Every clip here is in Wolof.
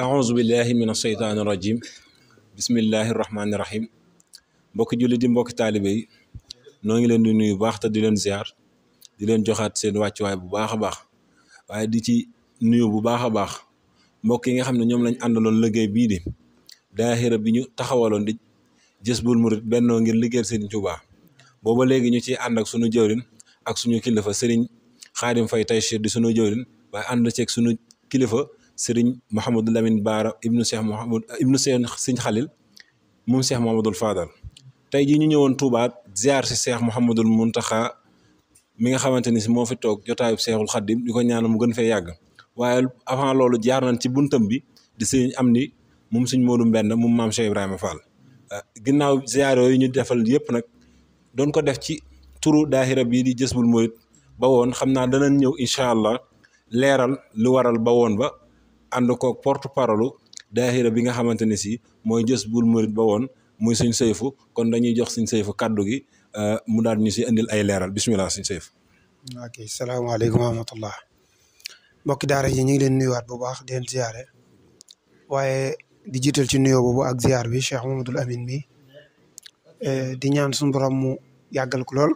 أعوذ بالله من الشيطان الرجيم بسم الله الرحمن الرحيم بوك جولي بوك طالبي نوغي لين دي نوي باخ تا دي لين زيار دي لين جوخات سين واتي واي بو باخ باخ واي دي تي نوي بو باخ باخ بوك كيغا خامني نيوم لاني اندالون ليغي بي دي داهره بي نيو تاخاولون دي جيسبول مورد بنو غير ليغي سين توبا بوبا ليغي نيو تي اندك سونو جولين اك سونو كيلفا سيرين خادم فاي تاي شير دي سونو جولين واي اندك سونو كيلفا sëriñ Mouhamadou Lamine Baara ibnu Cheikh Mouhamad ibnu Cheikh Sëñ Xalil moom Cheikh Mouhamadul Fadal tey jii ñu ñëwoon Touba ziar si Cheikh Mouhamadul Mountakha mi nga xamante ni si moo fi toog jotaayu Cheikhul Khadim di ko ñaan mu gën fee yàgg waaye avant loolu jaar nañ ci buntam bi di sëñ am ni moom sëñ Modou Mbenn moom maam Cheikh Ibrahima Fall ginnaaw ziar yooyu ñu defal yëpp nag doon ko def ci turu daahira bii di Jazboul Mouride ba woon xam naa danañ ñëw incha allah leeral lu waral ba woon ba. ànd koog porte parole daahira bi nga xamante ne si mooy jës bul murit ba woon muy suñ sayfu kon dañuy jox suñ sayfu kàddu gi euh, mu daal ñu si indil ay leeral bisimilah suñ sayfu. ok salaamaaleykum wa rahmatullah mbokki daara ñu ngi leen nuyuwaat bu baax di leen ziare waaye di jiital ci nuyoo boobu ak ziar bi Cheikh Mamadou Amine mi euh, di ñaan suñu borom mu yàggal ko lool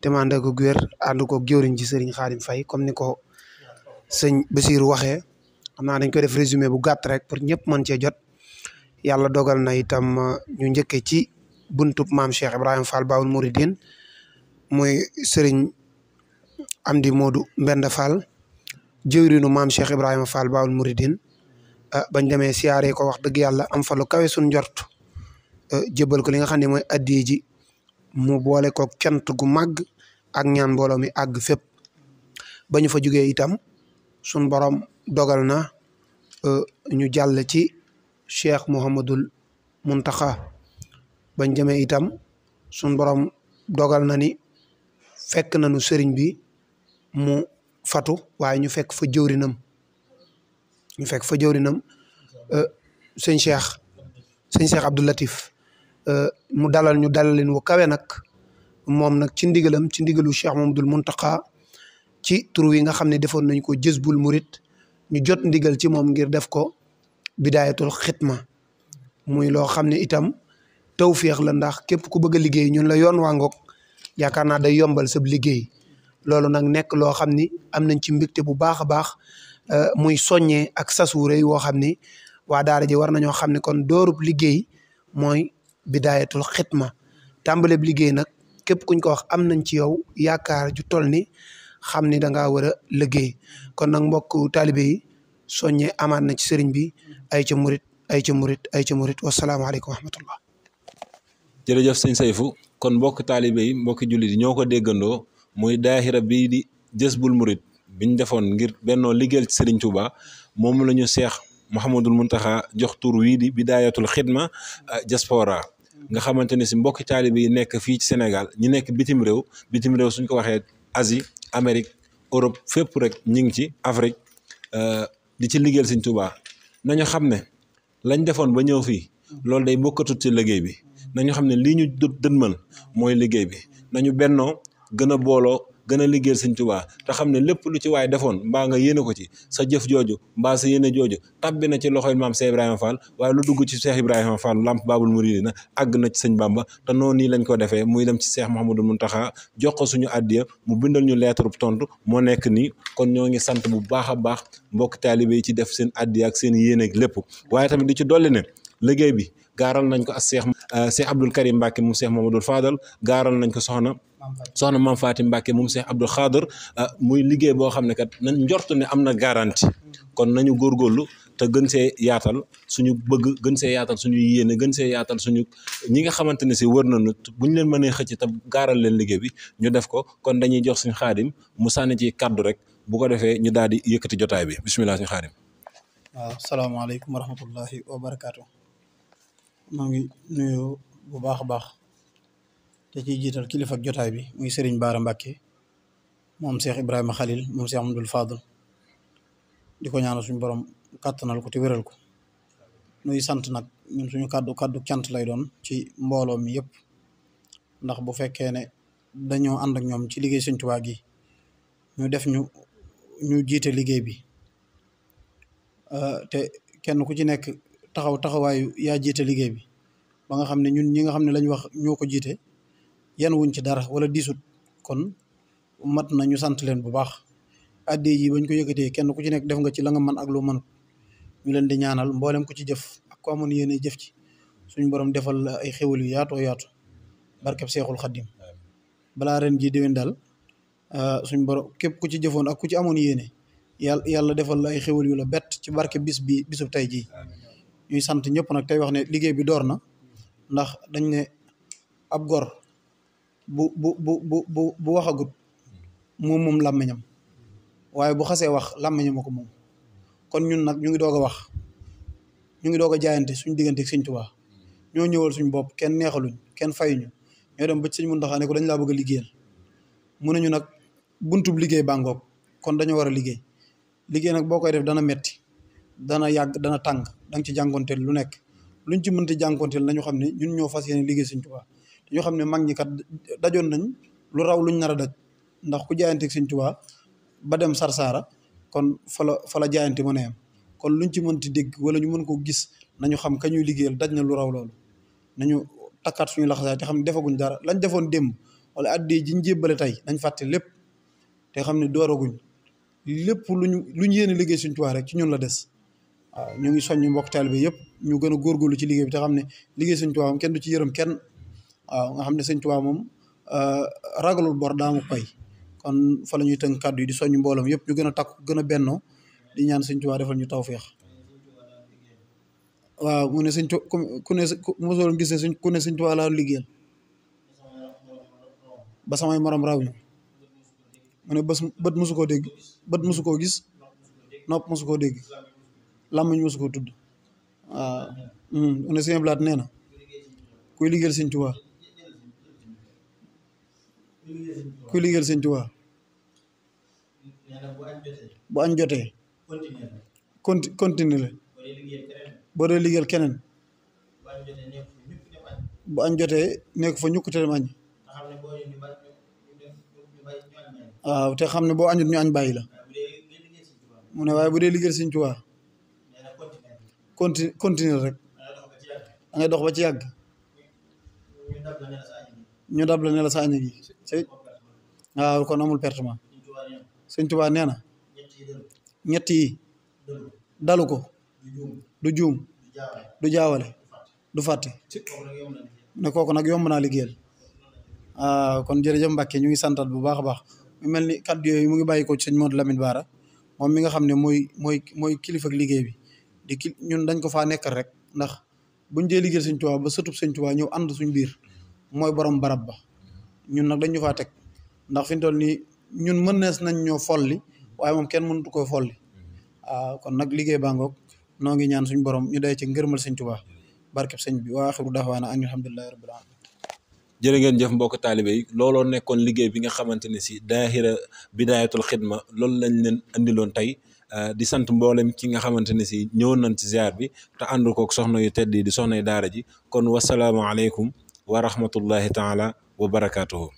te ma ànd ak wér ànd ko jëwriñ ci sëriñ Xaadim Fay comme ni ko sëñ Basiiru waxee. xam dañ ko def résumé bu gàtt rek pour ñëpp mën cee jot yàlla dogal na itam uh, ñu njëkkee ci buntub maam Cheikh ibrahim Fall Baawul mouridin muy sëriñ Amdi modu Mbenda Fall jëwriñu maam Cheikh Ibrahima Fall Baawul mouridin uh, bañ demee siyaare ko wax dëgg yàlla am fa lu kawe sun njort uh, jëbal ko li nga xam ne mooy ji mu boole ko kent gu màgg ak ñaan mbooloo mi àgg fépp fa jugee itam sun borom dogal na euh, ñu jàll ci cheikh Mouhamadul Muntaxa bañ jëmee itam sun borom dogal na ni fekk nañu sëriñ bi mu fatu waaye ñu fekk fa jëwrinam ñu fekk fa jëwrinam euh, sëñ cheikh sëñ cheikh Abdou Latif euh, mu dalal ñu dalal leen wu kawe nag moom nag ci ndigalam ci ndigalu cheikh Mouhamadul Muntaxa ci tur wi nga xam ne defoon nañ ko jësbul murit ñu jot ndigal ci moom ngir def ko bidaayatul xitma muy loo xam ne itam tew tawféex la ndax képp ku bëgg a liggéey ñun la yoon wangook yaakaar naa day yombal sab liggéey loolu nag nekk loo xam ni am nañ ci mbégte bu baax a baax euh, muy soññee ak sasuure woo xam ni waa daara ji war nañoo xam ne kon doorub liggéey mooy bidaayatul xitma tàmbaleb liggéey nag képp kuñ ko wax am nañ ci yow yaakaar ju tol ni xam ni da ngaa war a liggéey kon nag mbokk taalibe yi soññe amaat na ci sëriñ bi ay ca murit ay ca murit ay ca murit wasalaamaaleykum wa rahmatullah jërëjëf sëñ Sayfu kon mbokk taalibe yi mbokki jullit yi ñoo ko déggandoo muy bii di Jazbul Murit biñ defoon ngir benno liggéeyal ci sëriñ Tuuba moom la ñu seex Mouhamadul Muntaxa jox tur wii di bidaayatul xidma euh, diaspora nga xamante ni si mbokki taalibe yi nekk fii ci Sénégal ñi nekk bitim réew bitim réew suñ ko waxee Asie Amérique Europe fépp rek ñu ngi ci Afrique euh, di ci liggéeyal Sëñ Tuubaa nañu xam ne lañ defoon ba ñëw fii loolu day bokkatut ci liggéey bi nañu xam ne lii ñu dënmal mooy liggéey bi nañu bennoo gën a booloo gën a liggéeyal sëñ Tuubaa te xam ne lépp lu ci waaye defoon mbaa nga yéene ko ci sa jëf jooju mbaa sa yéene jooju tabbi na ci loxoy maam Cheikh Ibrahima Fall waaye lu dugg ci Cheikh Ibrahima Fall lamp Baabul Muriidiina àgg na ci sëñ Bamba te noonu nii lañ ko defee muy dem ci seex Cheikh Mouhamadou Mountakha jox ko suñu addiya mu bindal ñu lettre bu tontu moo nekk nii kon ñoo ngi sant bu baax a baax mbokk taalibe yi ci def seen addiya ak seen yéene ak lépp waaye tamit di ci dolli ne liggéey bi gaaral nañ ko ak seex seex Abdul Karim Mbacke moom seex Mamadou Fadal gaaral nañ ko soxna soxna maam Faati Mbacke moom seex Abdul Xaadir euh, muy liggéey boo xam ne kat nañ njort ne am na garanti kon nañu góorgóorlu te gën see yaatal suñu bëgg gën see yaatal suñu yéene gën see yaatal suñu ñi nga xamante ne si wër na nañu bu ñu leen mënee xëcc te gaaral leen liggéey bi ñu def ko kon dañuy jox suñu xaadim mu sànni ci kàddu rek bu ko defee ñu daal di yëkkati jotaay bi bisimilah suñu xaadim. waaw salaamaaleykum wa rahmatullahi mu ngi nuyu bu baax a baax te ci jiital kilifa jotaay bi muy Serigne Bara Mbacke moom Cheikh Ibrahima xalil moom Cheikh Amadou Fadl di ko ñaanal suñu borom kàttanal ko te wéral ko nuy sant nag ñun suñu kàddu kàddu cant lay doon ci mbooloo mi yëpp ndax bu fekkee ne dañoo ànd ak ñoom ci liggéey Sëriñ Tuubaa gi ñu def ñu ñu jiite liggéey bi euh, te kenn ku ci nekk. taxaw taxawaayu yaa jiite liggéey bi ba nga xam ne ñun ñi nga xam ne lañ wax ñoo ko jiite yan wuñ ci dara wala diisut kon mat na ñu sant leen bu baax addi yi bañ ko yëkkatee kenn ku ci nekk def nga ci la nga mën ak loo mënut ñu leen di ñaanal mboolem ku ci jëf ak ko amoon yéene jëf ci suñu borom defal la ay xéwal yu yaatoo yaatu barkeb seexul xaddim balaa ren ji déwén daal ah, suñ borom képp ku ci jëfoon ak ku ci amoon yéene yàlla yàlla defal la ay xéwal yu la ci barke bis bi bisub tey jii ñuy sant ñëpp nag tey wax ne liggéey bi door na ndax dañ ne ab gor bu bu bu bu bu waxagut moom moom làmmeñam waaye bu xasee wax làmmiñam ko moom kon ñun nag ñu ngi doog a wax ñu ngi doog a jaayante suñu diggante ak Sëñ ñoo ñëwal suñu bopp kenn neexaluñ kenn fayuñu ñoo dem ba ci Sëñ Muntaxa ne ko dañ laa bëgg a liggéeyal mun nañu nag buntub liggéey bàngoog kon dañoo war a liggéey liggéey nag boo koy def dana metti dana yàgg dana tàng danga ci jànkonteel lu nekk luñ ci mënti jànkonteel nañu xam ne ñun ñoo fas yéene liggéey Sëñ Tuubaa te ñoo xam ne mag ñi kat dajoon nañ lu raw luñ nar a daj ndax ku jaayanteeg Sëñ Tuubaa ba dem Sarsara kon fa fala fa la jaayante mën kon luñ ci mënti dégg wala ñu mën koo gis nañu xam ka ñuy liggéeyal daj na lu raw loolu nañu takkaat suñu laxasaay te xam ne defaguñ dara lañ defoon démb wala addi jiñ jébbale tey nañ fàtte lépp te xam ne dooraguñ lépp luñu luñ yéene liggéey Sëñ Tuubaa rek ci ñun la des waaw ñu ngi soññ mbokk bi yëpp ñu gën a góorgóorlu ci liggéey bi te xam ne liggéey sëñ Tuubaa moom kenn du ci kenn waaw nga xam ne sëñ Tuubaa moom euh, ragalul bor daamu pay kon fa la ñuy tënk kàddu yi di soñ mbooloom yëpp ñu gën a takku gën a bennoo di ñaan sëñ Tuubaa defal ñu tawféex waaw mu ne sëñ tu ku ne mosoo gis ne ku ne sëñ Tuubaa laa liggéeyal ba samay morom raw ñu mu ne bës bët mosu dégg bët mosu koo gis nopp mosu koo dégg làmmiñ mosu ko tudd waaw hmm, une sëñ blaat nee na kuy liggéeyal sëñ kuy liggéeyal sëñ Tuubaa bu añ jotee conti continue la boo dee liggéeyal keneen bu añ jotee nekk fa ñukk te dem añ waaw te xam ne boo añut ñu añ bàyyi la mu ne waaye bu dee liggéeyal sëñ continue continue rek da dox ba ci yàgg ñu dab la ne la sa añu gi waaw kon amul pertement sëñ Tuubaa nee na ñetti yi dalu ko du juum du jaawale du fàtte ne kooku nag yomb naa liggéeyal ah kon jërëjëf Mbacke ñu ngi santat bu baax a baax mu mel ni kàddu yooyu mu ngi bàyyi ko ci sëñ Modou Lamine Bara moom mi nga xam ne mooy mooy kilifa liggéey bi di ki ñun dañ ko faa nekkal rek ndax buñ dee liggéey suñ Tuubaa ba sëtub sëñ Tuubaa ñëw ànd suñ biir mooy borom barab ba ñun nag dañu faa teg ndax fi ñu toll nii ñun mënees nañ ñoo folli waaye moom kenn mënut koo folli waaw kon nag liggéey baa ngoog noo ngi ñaan suñ borom ñu day ci ngërmal sëñ Tuubaa barkeb sëñ bi waa aaxiru da'waanaa an alhamdulillahi rabbil aalamiin jërë ngeen jëf mbokk taalibe looloo nekkoon liggéey bi nga xamante ne si daahira bidaayatul xidma loolu lañ leen andiloon tey Euh, di sant mboolem ki nga xamante ne si ñëwoon nañ ci ziar bi te ànd kok soxna yu tedd di soxna yu daara ji kon wasalaamaaleykum wa rahmatullahi taala wa barakaatuhu